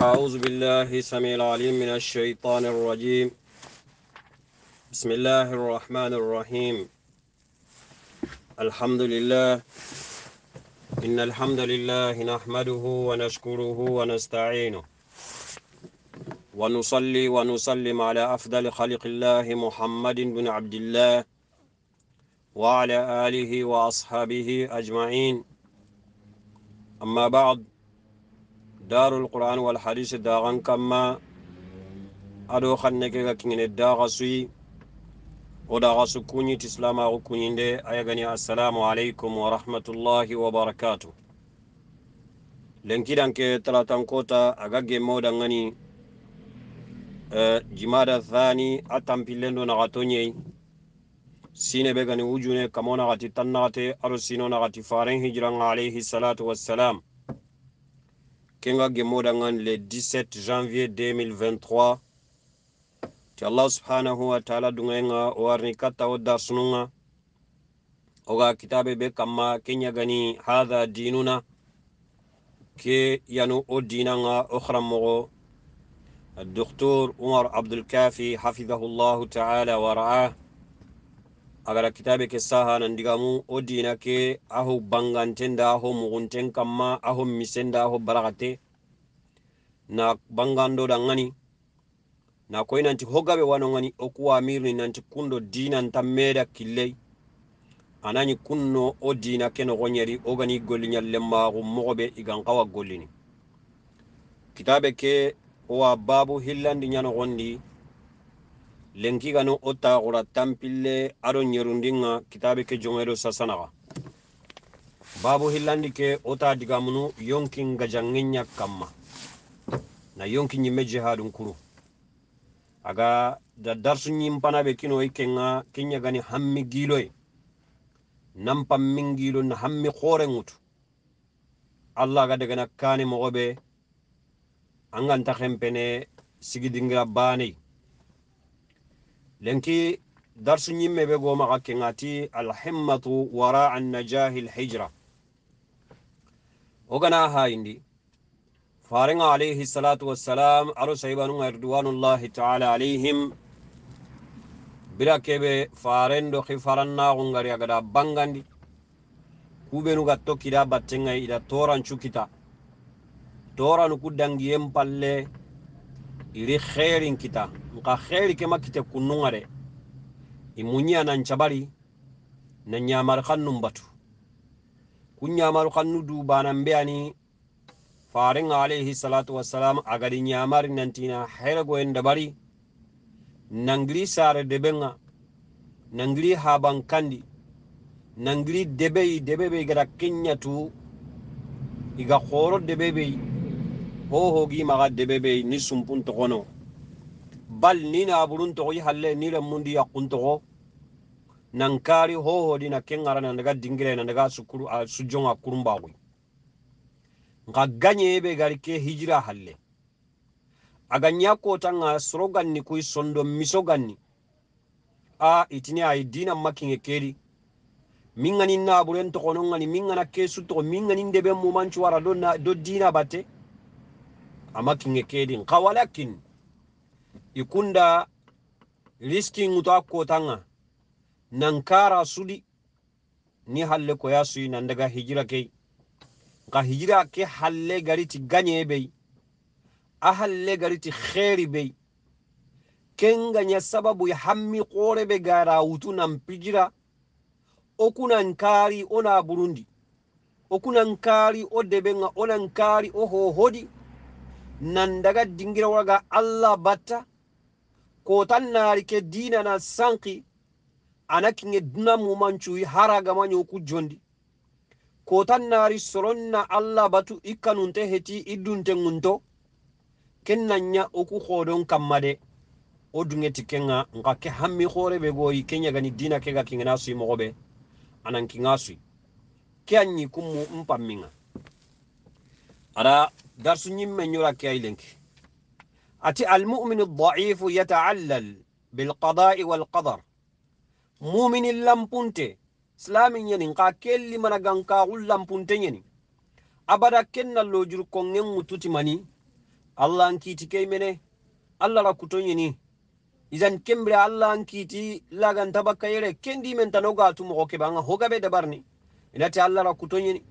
أعوذ بالله سميع العليم من الشيطان الرجيم بسم الله الرحمن الرحيم الحمد لله إن الحمد لله نحمده ونشكره ونستعينه ونصلي ونسلم على أفضل خلق الله محمد بن عبد الله وعلى آله وأصحابه أجمعين أما بعد دار القرآن والحديث داغن كما أدو خنكي كين داغ سوي وداغ سكوني تسلام أغو كونين دي أيغني السلام عليكم ورحمة الله وبركاته lenkidan ke talatan kota a gagge modan gani jimada thani a tampillen do naxato ɲei sine be gani wujune kamo naxati tan naxate aro sino naxati faren hijiran alayhi salatu wassalam kenga gemoɗagan le 17 janvier 2023 ti allah subhanahu wa taala dugayenga o warni kata o darsunuga oga kitabe be kama kenya gani hadha dinuna ke yanu o dinaga o haranmogo الدكتور عمر عبد الكافي حفظه الله تعالى ورعاه agara kitabe ke saha nandigamu o dina ke aho bangante nda aho mugunte nkamma aho misenda aho baragate na bangando da ngani na koi nanti hogabe wano ngani okuwa mirni nanti kundo dina ntameda kilei anani kunno o dina ke nogonyeri ogani goli nyalle maagu mogobe igankawa golini kitabe ke owa babu hillandi nyanogondi lenkigano o tagura tanpille ado ɲerundin ga kitabe ke jongedo sasanaga babu hillandi ke o ta digamunu yonkin gajangin ɲa kanma na yonki ɲimme jihadun kuru aga da darsu ɲinpana be kino i ken ga kin ɲagani hammi giloye nanpan min gilo na hammi horen ŋutu allah aga degana kane mogo be an ganta henpene sigidingira banei lenki darsu ñimme ɓe go maxa kengati alhimmatu wara annajahi lhijra wo gana hayindi farenga alayhi salatu wassalam aro sahibanunga ridwanullahi taala alayhim bira keɓe faren ɗo hifarannaxungari a gada bangandi kuɓenuga tokkida battenga ida torancu kita toranu ku dangiyen palle ili kheri nkita nka kheri kema kite i imunya nan cabari na ñamar kannum batu ku ñamaru kannu dubanan beyani faren alayhi salatu wassalam agadi ñamari nantina heregoyen dabari nangiri sare debenga nangiri habankandi nangiri debeyi debebe igata kenya tu iga horo debebeyi Ho hohogimaxa deɓeɓe ni sumpuntoxono bal ni naburuntoxo i halle ni remundi yaquntoxo ho hohodi na ken ŋara nandaga dingire nandaga sukuru a sujjonga kurumbaxuy nxa gaɲeɓe gari ke hijira halle aga ɲa kotanga soro ganni kuy sondo miso ganni a itini ayi dina makiŋe keri min ŋani naburen toxono ŋani min ŋana kesu toxo min ŋani ndebe mumancuwara do, do dina bate amma kinŋe kedin ka walakin i kunda riskinŋuto a kotanŋa nan kara suɗi ni halle koya sui nan daga hijira kei nka hijira ke halle gariti ganye bei a halle gariti heri bei ken ganya sababu i hammi korebe gara wutu nan pijira o kunan kari o na burundi o kunan kari o debenŋa o nan kari o hohodi nan daga dingirwaga allah batta ko tan naari ke dinana sanki ana kinŋe duna mumancuyi haragamayo ku jondi ko tan naari soronna allah batu i kanunte heti i dunte ŋunto ken nanya oku hodon kamma de wo duŋeti kenŋa nka ke hammi horebe goyi ke yagani dina ke ga kiŋena sui mogo be anan kiŋa sui ke an yi kunmu npanmiŋa ada dar sun yi manyura kyailinki a ci al’umminu da’ifu ya ta’allal bilkada iwal kadar muminin lampunte islamin yanin ka keli mana gankahun lampunte yanin abada kenna lojir kongen mututi mani allah an kiti kai mene allah rakuton yini izan kembre allah an kiti laganta bakayere kendi mentano ga tumo ke banga hoga be dabarni inati allah rakuton yini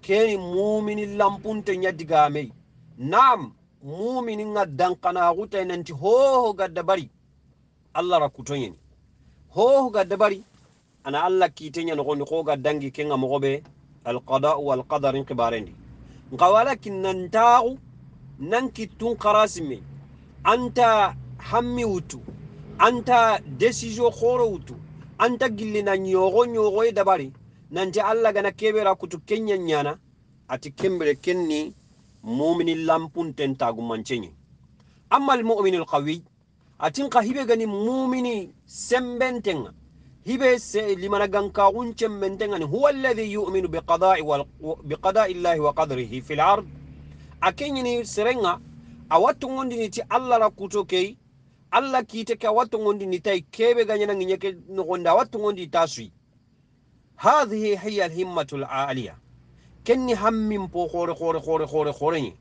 keni muminin lampunte ñaddigamey nam muminin ga dankanakutay nanti hoho gadda bari allah rakkutoñeni hoho gadda bari ana allah kiiteña nogondi ko ga dangi kenga mogoɓe alqada'u walqadarin kibarendi nka wala kinnantaaku nan kittun an anta hammi wutu anta décision horo wutu anta gillina nyogo ñogoye dabari nanti allah gana keɓera kutu kenyan ñana ati kembere kenni mumini lampunten tagumanceñe amma almuminu a atin ka hiɓe gani mumini hibe se limana gankaxun ani huwa alladhi yuminu qada'i illahi wa qadrihi fi ard a keñini serenga a ni ti allah ra kuto key allah kiite ke a wattogondini kebe keɓe gañanangiñeke nogonde a wattogondini ta suyi هذه هي الهمة العالية كني هم من بو خوري خوري خوري خوري خوري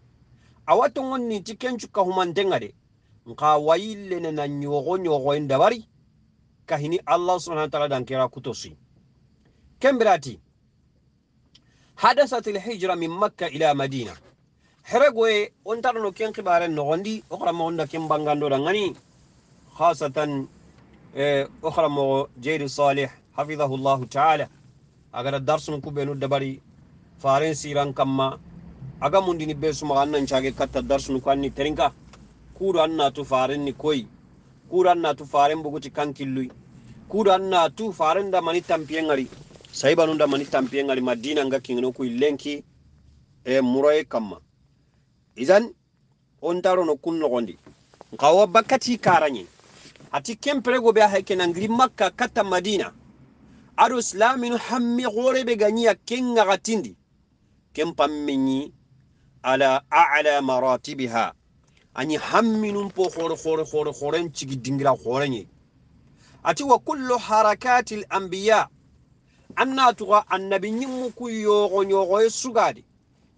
أواتون وني تكن شكا همان تنغري نقا ويل لنا نيوغو نيوغو اندباري كهني الله سبحانه وتعالى دانكرا كتوسي كم براتي حدثت الحجرة من مكة إلى مدينة حرقوي انترنو كين قبارن نغندي أخرى مغندا كين بانغاندو دانغاني خاصة آه، أخرى مغو جير صالح حفظه الله تعالى agada darsun kubenu dabari faren siran kamma aga mundini be su maga annan chage katta darsun ku anni terinka kudu anna tu faren ni koi kudu anna tu faren buguti kan killui kudu anna tu faren da mani tampien ngari saiba nunda mani tampien ngari madina nga kingino ku ilenki e muraye kamma izan ontaro no kunno gondi nkawa bakati karanyi ati kemprego be ha kenangri makka katta madina aɗo silaminu hammi horeɓe ganiya kengagatindi ken pammeñi ala ala maratibiha ani hamminum po hore hore hore horen cigi dingira horeñe ati wa kullu harakati l ambiya anna tuga annabi ñimmu ku yogo ñogoye sugade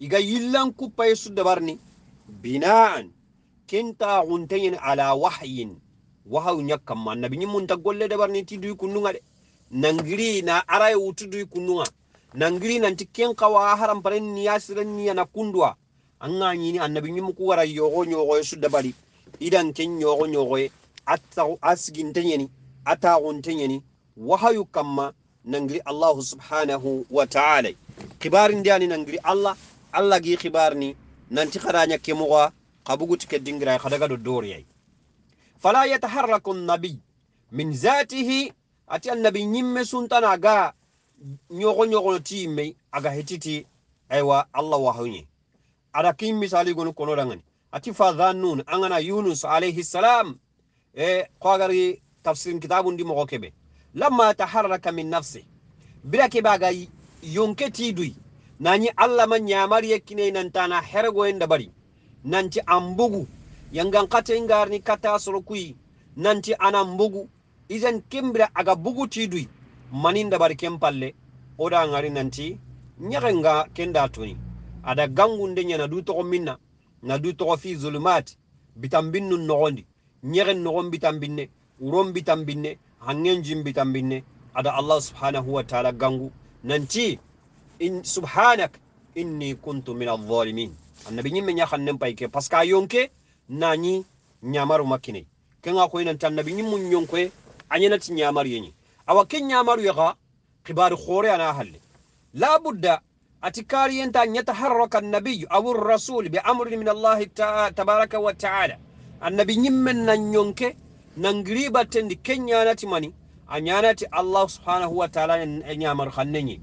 iga yillan kuppaye suddabarni binaan kenta gunteñen ala wahyin wahaw ñakkamma annabi ñimmunta golle dabarni ti duy kunnunga de nangiri na arai utudu kununga nangiri nanti ken kawa haram paren niya siren niya na kundwa anga nyini annabi nyimu ku wara yogo nyogo su dabari idan ken yogo nyogo atta asgin tenyeni ata gun tenyeni wahayu kamma nangiri allah subhanahu wa ta'ala kibarin ni nangiri allah allah gi ni nanti kharanya kemuwa kabugut ke dingira khadaga do doriyai fala yataharraku an-nabi min zatihi ati annabi ñimme suntana ga ñoxo ñoxono ti yimmey aga hetiti aywa allah wahawñe ada kin misali gonu konoɗangani ati fa angana yunus alayhi salam e koagari tafsirin kitabu ndi moxo keɓe lamma taharraka min nafsi bira keɓe aga yonke ti duy nañi allah ma ñamari yekkiney nantana heregoyen dabari nanti an bugu yangan kate ngarni kata soro kuyi nanti anan bugu isan kembira aga bugu tidui maninda bari kempalle oda ngari nanti nyarenga kenda tuni ada gangunde nyana du to minna na du to fi zulumat bitambinnu nogondi nyeren nogon bitambinne uron bitambinne hangen jim bitambinne ada allah subhanahu wa ta'ala gangu nanti in subhanak inni kuntu min adh-dhalimin annabi nyimme nya khannen payke parce yonke nani nyamaru makine kenga ko nan tan nabi nyimmun yonke anyanati nyamaru yenye awake nyamaru yaga kibaru khore ana halli la budda atikari yenta an yataharraka an-nabiy aw ar-rasul bi amrin min Allah tabaraka wa ta'ala annabi nyimmen nan nyonke nangriba tendi kenya nati mani anyanati Allah subhanahu wa ta'ala nyamaru khannenye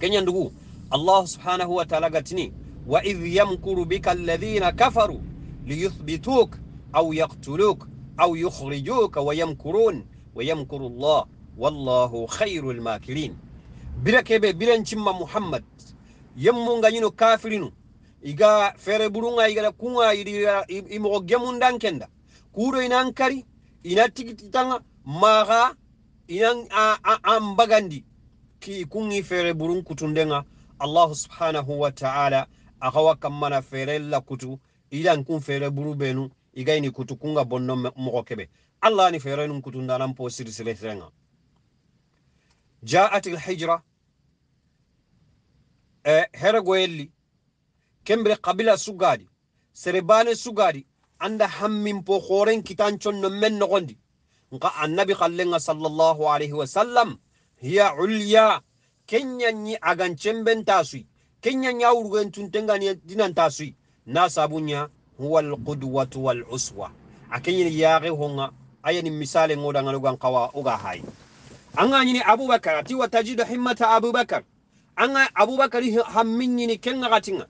kenya ndugu Allah subhanahu wa ta'ala gatini wa idh yamkuru bika alladhina kafaru liyuthbituka أو يقتلوك أو يخرجوك ويمكرون ويمكر الله والله خير الماكرين بلا كبه بلا نشم محمد يمونغا ينو كافرينو iga fere burunga igala kunga imogo gemundan kenda kuro inan kari ina tigititanga maga inan ambagandi ki kungi fere burun kutundenga allah subhanahu wa ta'ala akawa kammana fere la kutu idan kun fere buru benu igayni kutu kunga bonno mogo kebe allah ni ferenum kutu ndanan po sirsile serenga jaat alhijra e here goyelli kembre qabila sugadi serebane sugadi anda hammin po horen kitan conno men nogondi nka annabi kallenga sallallahu alaihi wasallam hiya ulya kenyanyi agancemben tasui kenyanyi awurgen tuntengani dinan tasui na sabunya huwa alqudwatu waluswa akenyini yaxe honga ayani misale ngodangalugan kawa uga hay anga nyini abubakar ati watajidu himmata abubakar anga abubakar hamminyini kenga gatinga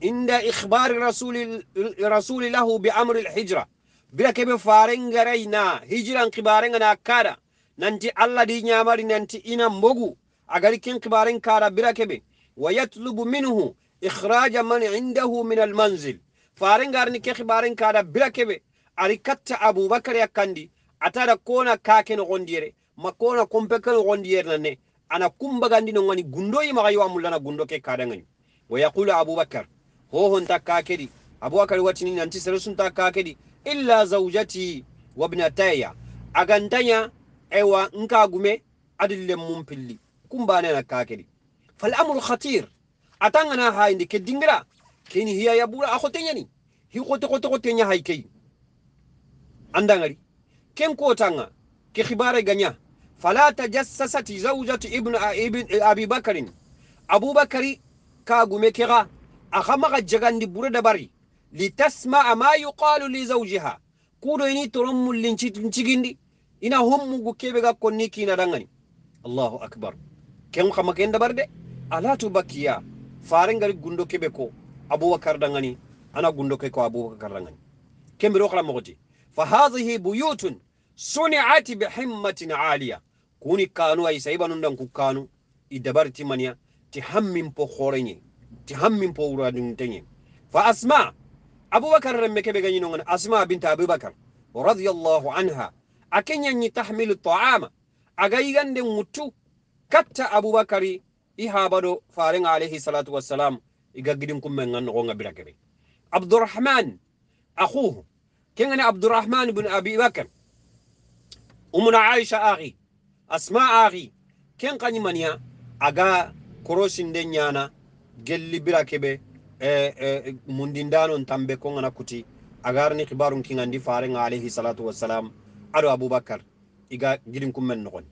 inda ikhbari rasuli rasuli lahu bi amri alhijra bila kebe farengaraina hijran kibarenga na kada nanti allah di nyamari nanti ina mbogu agari ken kibaren kada bila kebe ويطلب منه إخراج من عنده من المنزل faren garni ke khibaren kada bira kebe ari katta abubakar yakandi atara kona kake no gondire makona kompeke no gondire nane ana kumbagandi no ngani gundo yi magayo amullana gundo ke kada ngani wa yaqulu abubakar ho hon takakedi abubakar watini nanti sarasun takakedi illa zawjati wa ibnataya agantanya ewa nka gume adille mum pilli kumbane na kakedi fal amru khatir atangana ha indi ke dingira keni hiya ya bura tenya ni hi kote kote kotenya haikei andangari ken kotanga ke khibare ganya fala tajassasat zawjatu ibn eh, abi bakarin abubakari ka gume kira akhama ga jagandi bura da bari litasma ma yuqalu li zawjiha kudo ini toron mullin cigindi ina hommu gu kebe ga konni kina dangani allahu akbar ken khama ken da barde ala bakiya faren gari gundo kebe ko abubakar dangani ana gundo ke ko abubakar dangani kembe rokala mogoti fa hadhihi buyutun suniati bi himmatin aliya kuni kanu ay saiba nun dan kanu idabar timaniya ti hammin po khorenye ti hammin po uradun tenye fa asma abubakar remme kebe ganyi non asma bint abubakar radiyallahu anha akenya ni tahmilu ta'ama agayigande mutu katta abubakari ihabado faring alaihi salatu wassalam iga gidin kumme ngan ko ngabira kebe abdurrahman akhuhu كان abdurrahman ibn abi bakr umuna aisha aghi asma aghi ken kani maniya aga korosin den nyana gelli bira kebe e e mundindano tambe ko ngana kuti agarni khibarun kingandi faren alayhi salatu wassalam ado abubakar iga gidin kummen nogon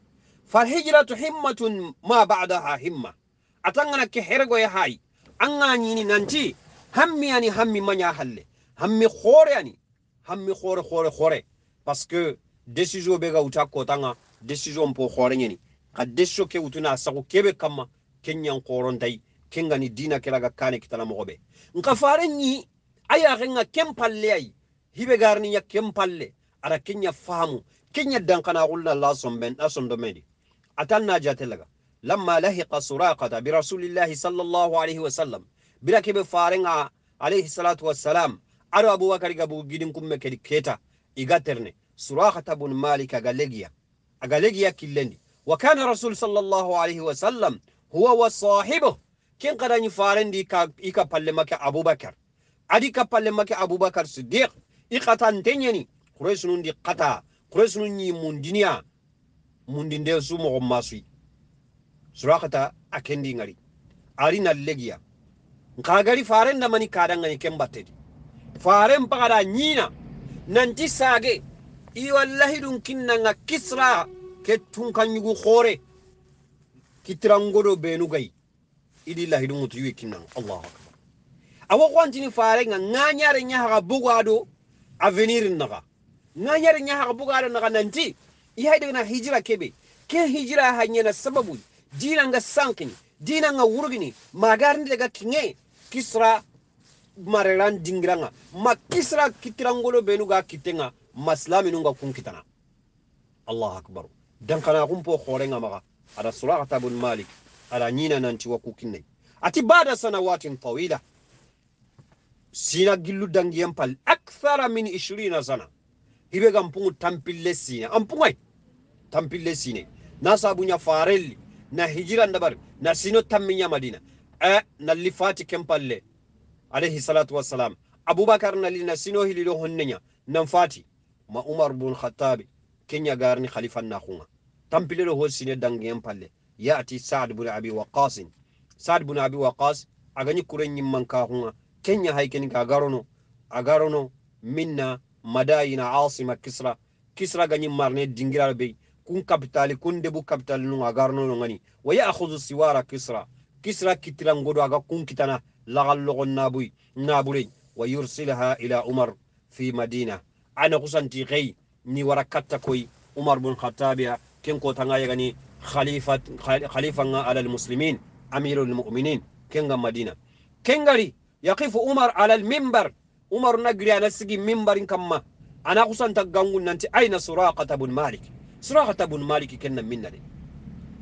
fal hijratu himmatun ma ba'daha himma atangana ke hergo ya hay an nanti hammi ani hammi maña halle hammi hoore ani hammi hoore hoore hoore parce que décision be ga kotanga décision po hoore ñeni ka décision ke wutuna sago kebe kamma kenyan korontai kengani dina kelaga kane kitana mogobe nka fare ñi aya genga kempalle ay hibe garni ya kempalle ara kenya fahamu kenya dankana gulla la somben asondomedi atal jatelaga لما لحق سراقة برسول الله صلى الله عليه وسلم بركب فارنع عليه الصلاة والسلام أرو أبو بكر أبو جدين كم كريكيتا إغاترني سراقة بن مالك أغاليجيا أغاليجيا كلني وكان رسول صلى الله عليه وسلم هو وصاحبه كن قد نفارن دي إيكا بلمك أبو بكر أدي كبلمك أبو بكر صديق إيقاتان تنيني قريش دي قطع قريش نون يمون دنيا مون دي سومو غماسوي surakata akendi ngari ari na legia nkagari faren da mani kada ngani ken battedi faren pakada nyina nanti sage i wallahi dun kinna nga kisra ke tun kan yugo khore kitirangodo benu gai idi lahi dun mutu kinna allah akbar awo kwantini faren nga nganyare nyaha bugado avenir naga nganyare nyaha bugado naga nanti i haydana hijira kebe ke hijira hanyana sababu dina nga sankini dina nga wurgini magarni daga kinge kisra mareran dingiranga ma kisra kitirangolo benu ga kitenga maslami nunga kun kitana allah akbar dan kana kumpo khorenga maga ada surah tabun malik ada nyina nanti wa kukinne ati bada sanawatin tawila sina gillu dangiyan pal akthara min 20 sana ibe ga tampille sine ampungai tampille sine nasabunya farelli na hijira ndabar na sino tamminya madina e na lifati kempalle alayhi salatu wassalam abubakar na li na sino hililo honnenya nan fati ma umar bun khattabi kenya garni khalifa na khunga tampilelo ho sine dangen palle yati sa'd bun abi waqas sa'd bun abi waqas agani kuren yimman ka khunga kenya haikeni ka garono agarono minna madayina asima kisra kisra ganyi marne dingiral bey kun kapitali kun debu kapitali nun agarno nongani wa ya'khudhu siwara kisra kisra kitiran godo aga kun kitana lagal logon nabui nabure wa yursilha ila umar fi madina ana kusanti gai ni wara katta koy umar bin khattabiya ken ko tanga yagani khalifa khalifan ala almuslimin amirul mu'minin kenga madina kengari yaqifu umar ala alminbar umar nagri ana sigi minbarin kamma ana kusanta gangun nanti aina suraqata bin malik صراحة بن مالك كنا منا دي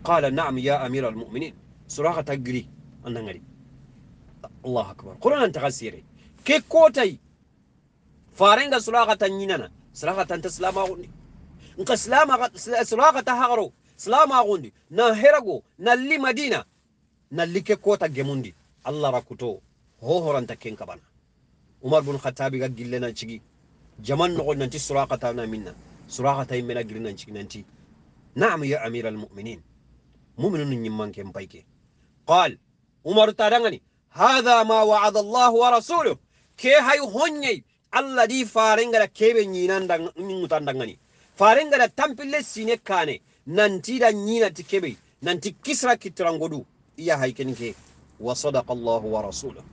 قال نعم يا أمير المؤمنين صراحة تجري أنا غري الله أكبر قرآن تغسيري كي كوتاي فارنغا تنينانا نيننا صراحة تسلاما غني نقا سلاما صراحة تهغرو سلاما غني نهرغو نلي مدينة نلي كي كوتا جموندي الله راكوتو هو هوران كين كبانا عمر بن الخطاب قال لنا جمان نقول ننتي صراحة منا صراحة من أجرنا نشكنتي نعم يا أمير المؤمنين مؤمن يمان كم بايكي قال عمر تارغني هذا ما وعد الله ورسوله كي هاي هنيي الله دي فارنغا كيبي نينان دغني فارنغا تامبل سينه كاني نانتي دا نينا تكيبي نانتي كسرا كترانغودو يا هاي كنكي وصدق الله ورسوله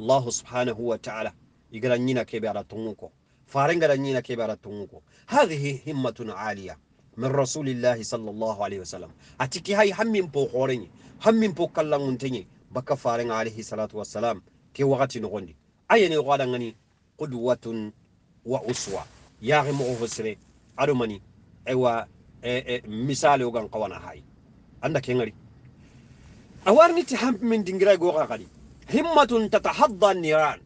الله سبحانه وتعالى يغرا نينا كيبي على تونكو فارنغا دنينا كبارة تونكو هذه همة عالية من رسول الله صلى الله عليه وسلم أتكي هاي همين بو خوريني همين بو كلامونتيني بكا فارنغ عليه الصلاة والسلام كي وقت نغني أيني غادنغني قدوة وأسوة يا غي مغفسري أرمني أيوا misali ogan kawana hay anda ke ngari awarni ti ham min dingira go ga gadi himmatun tatahadda niran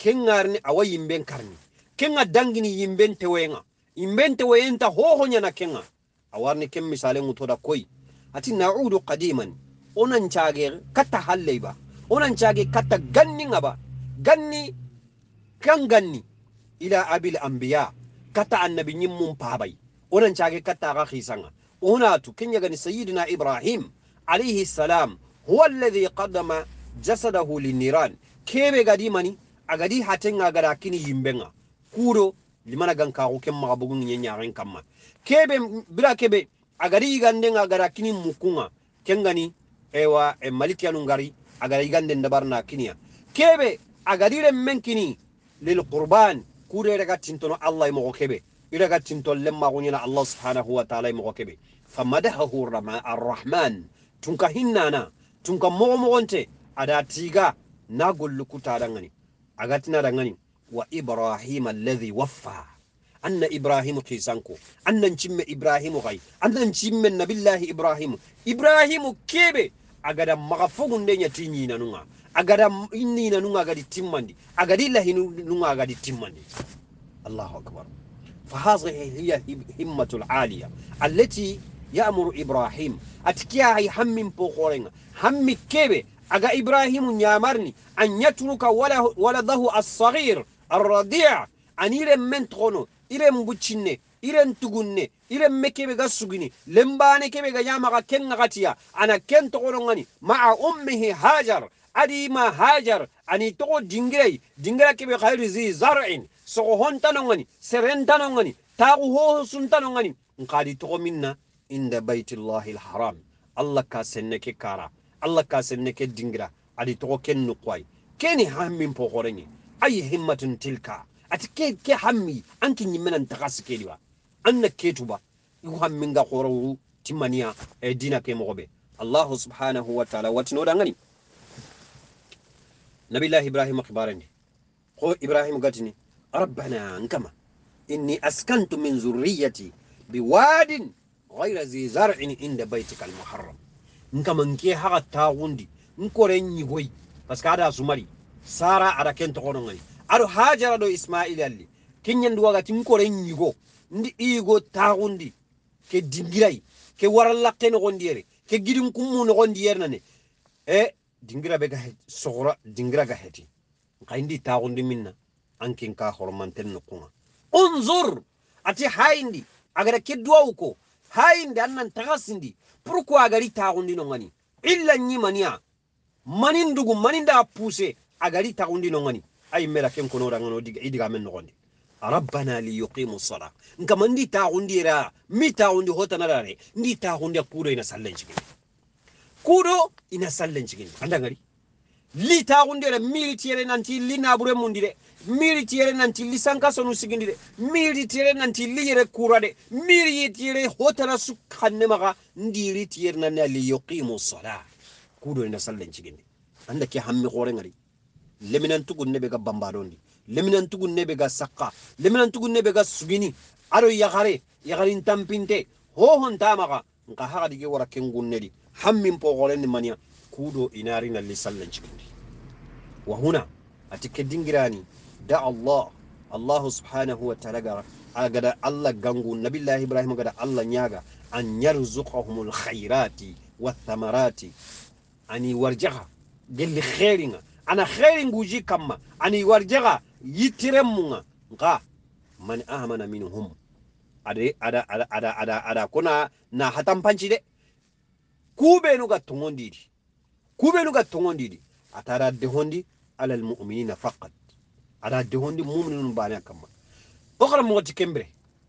kengarni awa yimben karni kenga dangini yimben tewenga yimben teweyenta hoho nyana kenga awarni ken misale ngutoda koi ati naudu qadiman onan chage katta halleba ba onan chage katta ganni ngaba ganni kan ganni ila abil anbiya katta annabi nyimmun pabai onan chage katta ga khisanga tu kenya gani sayyidina ibrahim alayhi salam huwa alladhi qaddama jasadahu liniran kebe gadimani agadi hatenga gada kini yimbenga kuro limana gan ka ken maxa bugun ɲe ɲaxen kamma kebe bira kebe agadi nga gada kini mukunga kengani ewa e malikiyanu ngari agada yiganden dabarna kiniya kebe agadi ren men kini lil qurban kure rega tintono allah i moxo kebe ira ga tinton len ma ɲena allah subhanahu wa taala i moxo kebe famadahahu arrahman tunka hinnana tunka mo moxonte ada tiga na gollu kutadangani agatina da ngani wa ibrahim alladhi waffa anna ibrahim kisanko annan chimme ibrahim gai annan chimme nabillahi ibrahim ibrahim kebe agada magafogun de nyati nyina nunga agada inni na nunga agadi timmandi agadi lahi nunga agadi timmandi allahu akbar فهذه هي همة العالية التي يأمر إبراهيم أتكيا هي هم بوخورين هم كيبي أجا إبراهيم يامرني أن يترك ولده الصغير الرضيع أن يرم من تغنو يرم بتشنه iren tugunne iren mekebe ga sugini lembane kebe ga yamaga ken ngatiya ana ken togono ngani ma'a ummihi hajar adi ma hajar ani togo dingirei dingira kebe khairu zi zar'in sogo hontano ngani serentano ngani tagu hoho suntano ngani nkadi togo minna inda baitillahi alharam allah ka senne ke kara allah ka semne ke dingira adi togo ken nukwai keni hammin pogorenye ayi himmatun tilka ati ke ke hammi anki nyimmenan takasi kediwa anna ketuba iku hamminga korowu timmaniya e dina ke mogoɓe allahu subhanahu wa taala watinoɗa gani nabillahi ibrahima kibarani ko ibrahima gatini rabbana nkama inni askantu min zurriyati biwadin غير ذي زرع عند بيتك المحرم nkamanke haga tagundi nkore nyigoi parce que ada zumari sara ada kento kono ngai aro hajara do ismaila li kinyandu waga ti nkore nyigo ndi igo tagundi ke dingirai ke waralla ken gondi yere ke gidim kumu no gondi yere nane e dingira be ga sogora dingira ga heti ngai ndi tagundi minna ankin ka hormanten no kuma unzur ati haindi agara ke duwa uko haindi annan tagasindi pourquoi agari taxundi nongani illa ñi maniya manin dugu maninda poussé agari taxundi nongani ay mera ken konorangano i diga men noxondi rabbana liyuqimu sala nkama ta taxundi ra mi taxundi hotanarare ndi taxundi a kudo ina sallan cigini kudo ina sallen cigini andangari li taxundi ra tiere nanti li naɓure mundi de miri tiyere na ntili sankaso nu sigindi de miri tiyere na ntili yere kura de miri tiyere hotara su kanne maga ndiri tiyere na ne li yuqimu sala kudo ina salle nchigindi anda ki hammi gore ngari leminan tugun nebe ga bambarondi leminan tugun nebe ga sakka leminan tugun nebe ga sugini aro yagare yagare ntampinte ho hon tamaga nka haga dige wara kengun nedi hammin po gore ni mania kudo inari na li salle nchigindi wa huna ati kedingirani da Allah Allah subhanahu wa ta'ala gara agada Allah gangu nabillahi Ibrahim gada Allah nyaga an yarzuqahumul khairati wathamarati ani warjaha gelli khairinga ana khairin guji kamma ani warjaha yitiremunga nga man amana minhum ada ada ada ada ada ada kuna na hatan panci de kube nuga tongondidi kube nuga tongondidi atara de hondi alal mu'minina faqat ada dehondi muminun bane akamma okra mo ti kembre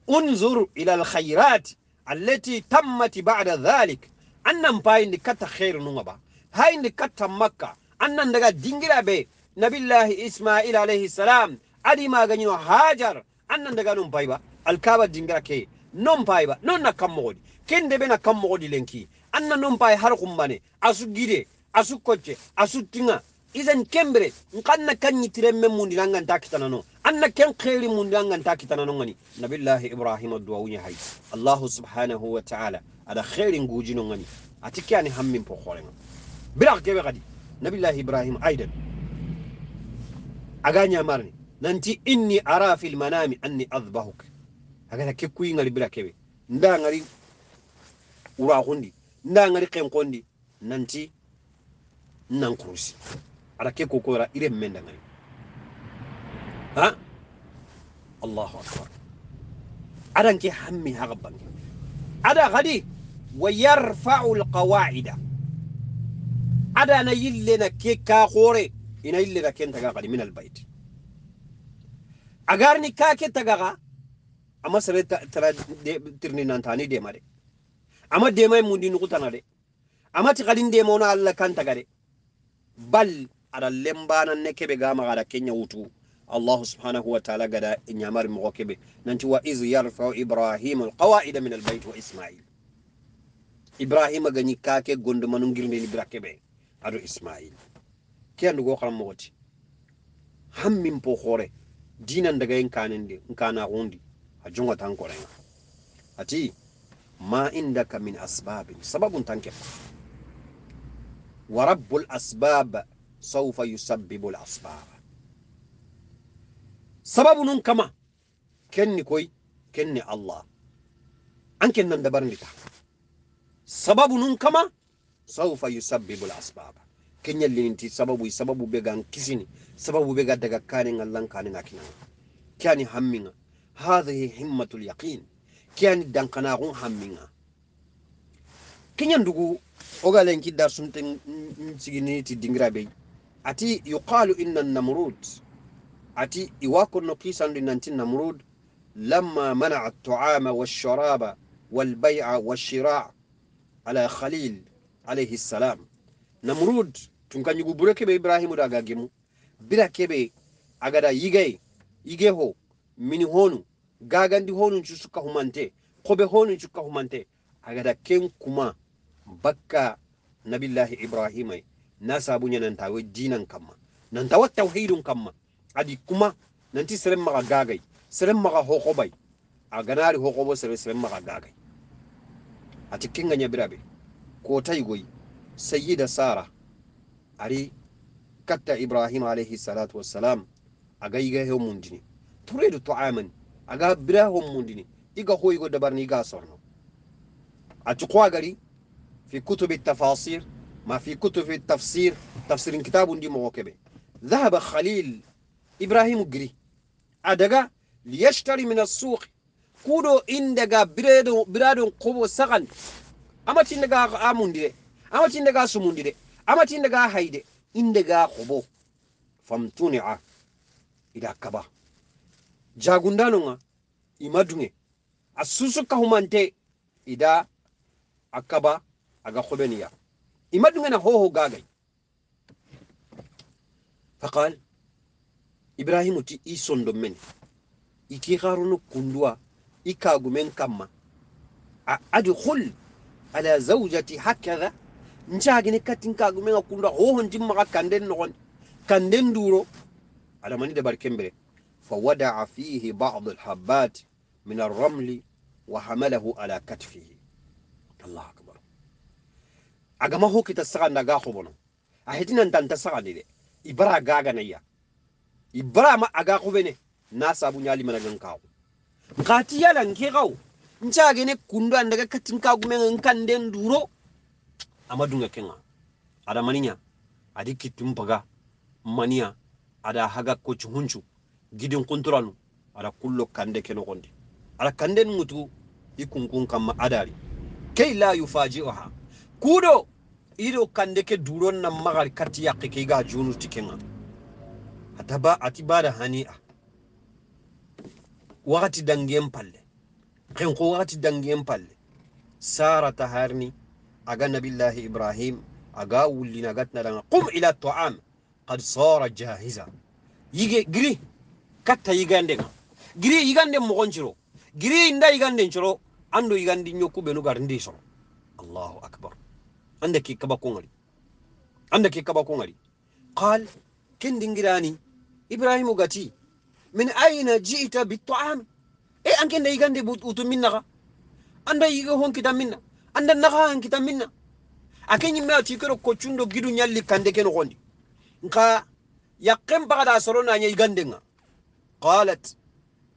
unzur ila al khairat allati tammat ba'da dhalik annan payin kata khair nunga ba hayin kata makka annan daga dingira be nabillahi isma'il alayhi salam adi maganyino hajar annan daga nun payba alkaba dingira ke non payba non na kammogodi kende be na kammogodi lenki anna non pay har kumbane asu gide asu kocce asu tinga إذا كمبري نقلنا كان يترم من مون دانغا تاكيتانا نو أنا كان خير من دانغا تاكيتانا نو غني نبي الله إبراهيم الدواوي هاي الله سبحانه وتعالى على خير نجوجي نو غني أتكي أنا هم من بخورنا بلا كيف غادي نبي الله إبراهيم أيضا أغاني أمرني ننتي إني أرى في المنام أني أذبحك هكذا كيف كوين غادي بلا كيف ندانغري وراغوندي ندانغري قيم قوندي ننتي ننكروسي على كيكو إلى من دعني نعم؟ ها الله أكبر أدن كي حمي هغبان أدا غدي ويرفع القواعد أدا نيلنا كيكا خوري إن يلنا كين تغاغدي من البيت أغارني كاكي تغاغا أما سري ترى ترني نانتاني دي ماري أما دي ماي موندي نغتانا دي أما تغالين دي مونا الله كان تغاري بل ada lembana ne kebe gama gada kenya wutu allahu subhanahu wa taala gada inyamari mogo kebe nanti wa iz yarfau ibrahimu alqawaida min albayt wa ismail ibrahima gani kake gondo manu girndeni kebe ado ismail ke andugo xaram mogoti hammin po xore dinan daga yin kanin de in kana gondi a jungo ati ma indaka min asbabin sababun tanke wa rabbul asbab sawfa yusabbibu al-asbaba sababu nun kama kenni koy kenni allah an kennan dabarnita sababu nun kama sawfa yusabbibu al-asbaba kenyallininti sababu sababu be gan kisini sababu be ga daga kanin allan kanin akina kyani hamminga hadhihi himmatul yaqin kyani dankanagun hamminga kenyan dugu ogalenki dar sunten nsigini ti dingira bei ati yuqalu inna namrud ati iwako iwakonno kisandu nanti namrud لما منع الطعام والشراب والبيع والشراع على خليل عليه السلام نمرود تنكنجو بركب إبراهيم داغاجمو بلا كبي أجدا agada يجي هو من هونو gagandi honun cu humante kobe honun suka humante agada ken kuma bakka nabillahi ibrahimai nasabunya nantawe dinan kamma nantawa tawhidun kamma adi kuma nanti serem maga gagay serem maga hoqobay aganari hoqobo sere serem maga gagay ati kinga nyabirabe ko taygoy sayyida sara ari katta ibrahim alayhi salatu wassalam aga yiga he mundini turedu ta'aman aga bira ho mundini iga hoygo dabarni ga sorno ati ko agari fi kutubi tafasir ما في كتب في التفسير تفسير كتاب دي مواكب ذهب خليل إبراهيم قري أدقى ليشتري من السوق كودو إندقى برادو برادو قبو سغن أما تندقى آمون دي أما تندقى سمون دي أما تندقى هايدي إندقى قبو famtuni'a كبا kaba jagundanonga imadunge asusu kahumante ida akaba aga خبنيا imadungana hoho gagay faqal ibrahimu ti i men iki haruno kunduwa i kagumen kamma a adkhul ala zaujati hakada ncagene katin kagumen a kunduwa hohon jimmaga kanden nogon kanden duro adamani dabar kembere فودع فيه بعض الحبات ramli wa hamalahu على كتفه الله أكبر agama hokita saganda ga hobono a hetinan tanta sagandi de ibara gaganaya ibara ma aga hobene na sabu nyali mana gan kawo ngati yala nke kawo nca gene kundu andaga katin kagu men nkande nduro amadunga kenga ada maninya adi kitum paga ada haga kochu hunchu gidin kunturanu ada kullo kande keno gondi ada kande mutu ikunkun kamma adari kei la yufaji'uha kudo iro kandeke duron nan magar kati ya kike ga junu tikin ata ba ati ba da hani'a wakati dangiyen palle kin ko wakati dangiyen palle sara ta harni aga nabillahi ibrahim aga wulli na gatna dan qum ila ta'am qad sara jahiza yige giri katta yigande giri yigande mo gonjiro giri inda yigande njiro ando yigandi nyoku benu garndi so allahu akbar عندك كبا كونغري عندك كبا كونغري قال كندنجراني إبراهيم قتي من أين جئت بالطعام إيه أنك إن يغان دي بوت مننا أنت يغون كتا منا أنت نغان كتا منا أكين يمي أتيكرو كوچوندو جدو نيالي كاندي كنو غوندي نقا يقين بغد أسرونا يغان دينا قالت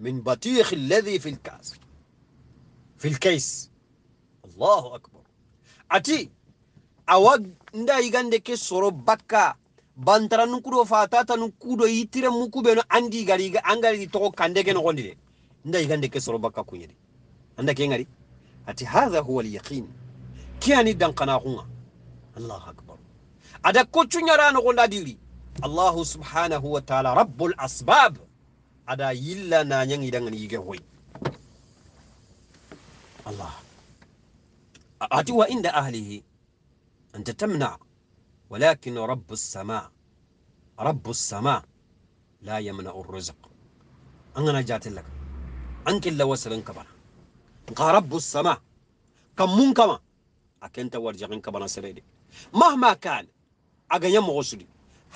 من بطيخ الذي في الكاس في الكيس الله أكبر أتي awa nda yigande ke soro bakka bantara nukudo fatata nukudo yitire mukubeno andi gariga angari toko kandege nogondi de nda yigande ke soro bakka kunyedi anda ke ngari ati hadha huwa al-yaqin kiyani dan kana kunga Allahu akbar ada kochunya rano gonda diri Allah subhanahu wa ta'ala rabbul asbab ada yilla na nyang idangan yige hoy Allah ati wa inda ahlihi أنت تمنع ولكن رب السماء رب السماء لا يمنع الرزق أنا جات لك أنك إلا وصل كبنا رب السماء كم من كما أكنت ورجعين كبنا سريدي مهما كان أغنى مغسري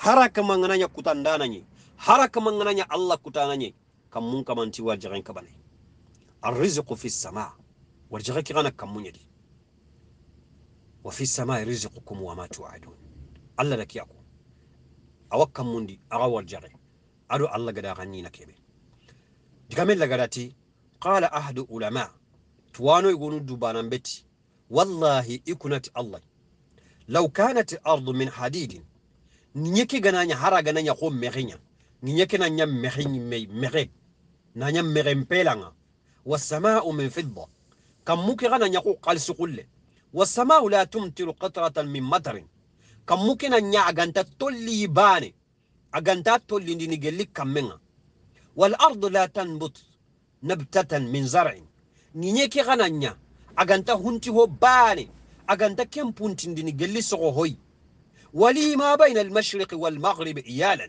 حركة من غنى يكتان دانني حركة من غنى الله كتانني كم من كما أنت ورجعين كبنا الرزق في السماء ورجعين كبنا كم من يدي wa fi sama rizqukum wa ma tu'adun Allah da kiyaku awakkan mundi awal jare ado Allah gada ganni na kebe digame la gadati qala ahdu ulama tuwano igonu dubanan beti wallahi ikunat Allah law kanat ardu min hadidin ninyeki gananya hara gananya ko mehinya ninyeki nanya mehinyi me mehe nanya wa wasama'u min fidda kamuki gananya ko qalsu kulle والسماء لا تمطر قطرة من مطر كم ممكن أن يعجنت تولي باني أجنت تولي نجلي منها والأرض لا تنبت نبتة من زرع نيكي غنانيا أجنت هنتي هو باني أجنت كم بنت نجلي سغوهي ولي ما بين المشرق والمغرب إيالا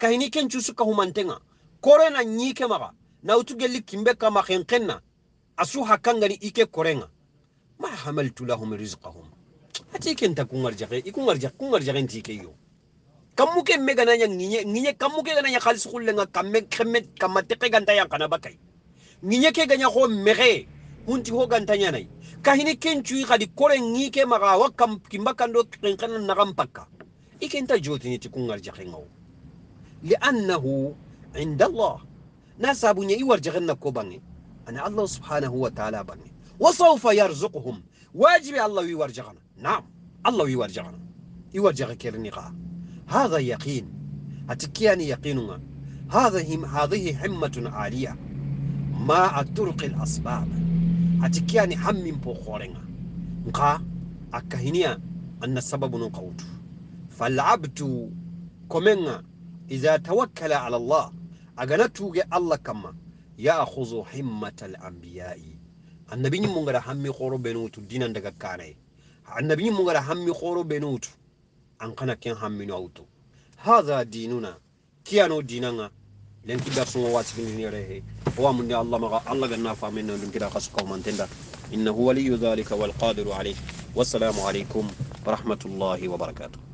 كهني كن تشوسك هم أنتنا كورنا نيكي مغا ناوتو جلي كمبكا مخنقنا أسوها كنغني إيكي كورنا ما حملت لهم رزقهم هاتيك انت كون ارجعي يكون ارجع كون ارجع انت كيو أيوه. كم ممكن ميغا نيا نيا نيا كم ممكن نيا خالص كل لنا كم كم كم تقي غنتا يا كنا بكاي نيا كي غنيا هو مغي كنت هو غنتا يا ناي كهني كن شوي غادي كورن نيا كي مغا وكم كم بكان دو كن كن نغم بكا إيك أنت جوتي نيتي كون ارجع لأنه عند الله ناس أبو نيا يورجع لنا كوباني أنا الله سبحانه وتعالى بني وسوف يرزقهم واجب الله يورجغنا نعم الله يورجغنا يورجغ كيرنيقا هذا يقين أتكياني يقيننا هذه هذه همة عالية ما أترك الأسباب أتكياني هم بوخورنا نقا أكهنيا أن السبب نقوت فالعبد كمنا إذا توكل على الله أغنته الله كما يأخذ همة الأنبياء annabi ñimmo gara hammi horo benutu dinan daga kanaye annabi ñimmo gara hammi horo ɓeno wutu an kana ken hammino a wutu hatha dinuna kiyano dinanga lenki garsugo wasigindinere he owamude allah maga allah ganna famin nan ɗum kiɗa kasu kawmantenda innahu waliyu dhalika walqadiru alayh wassalamu aleykum wa rahmatullahi wa barakatuh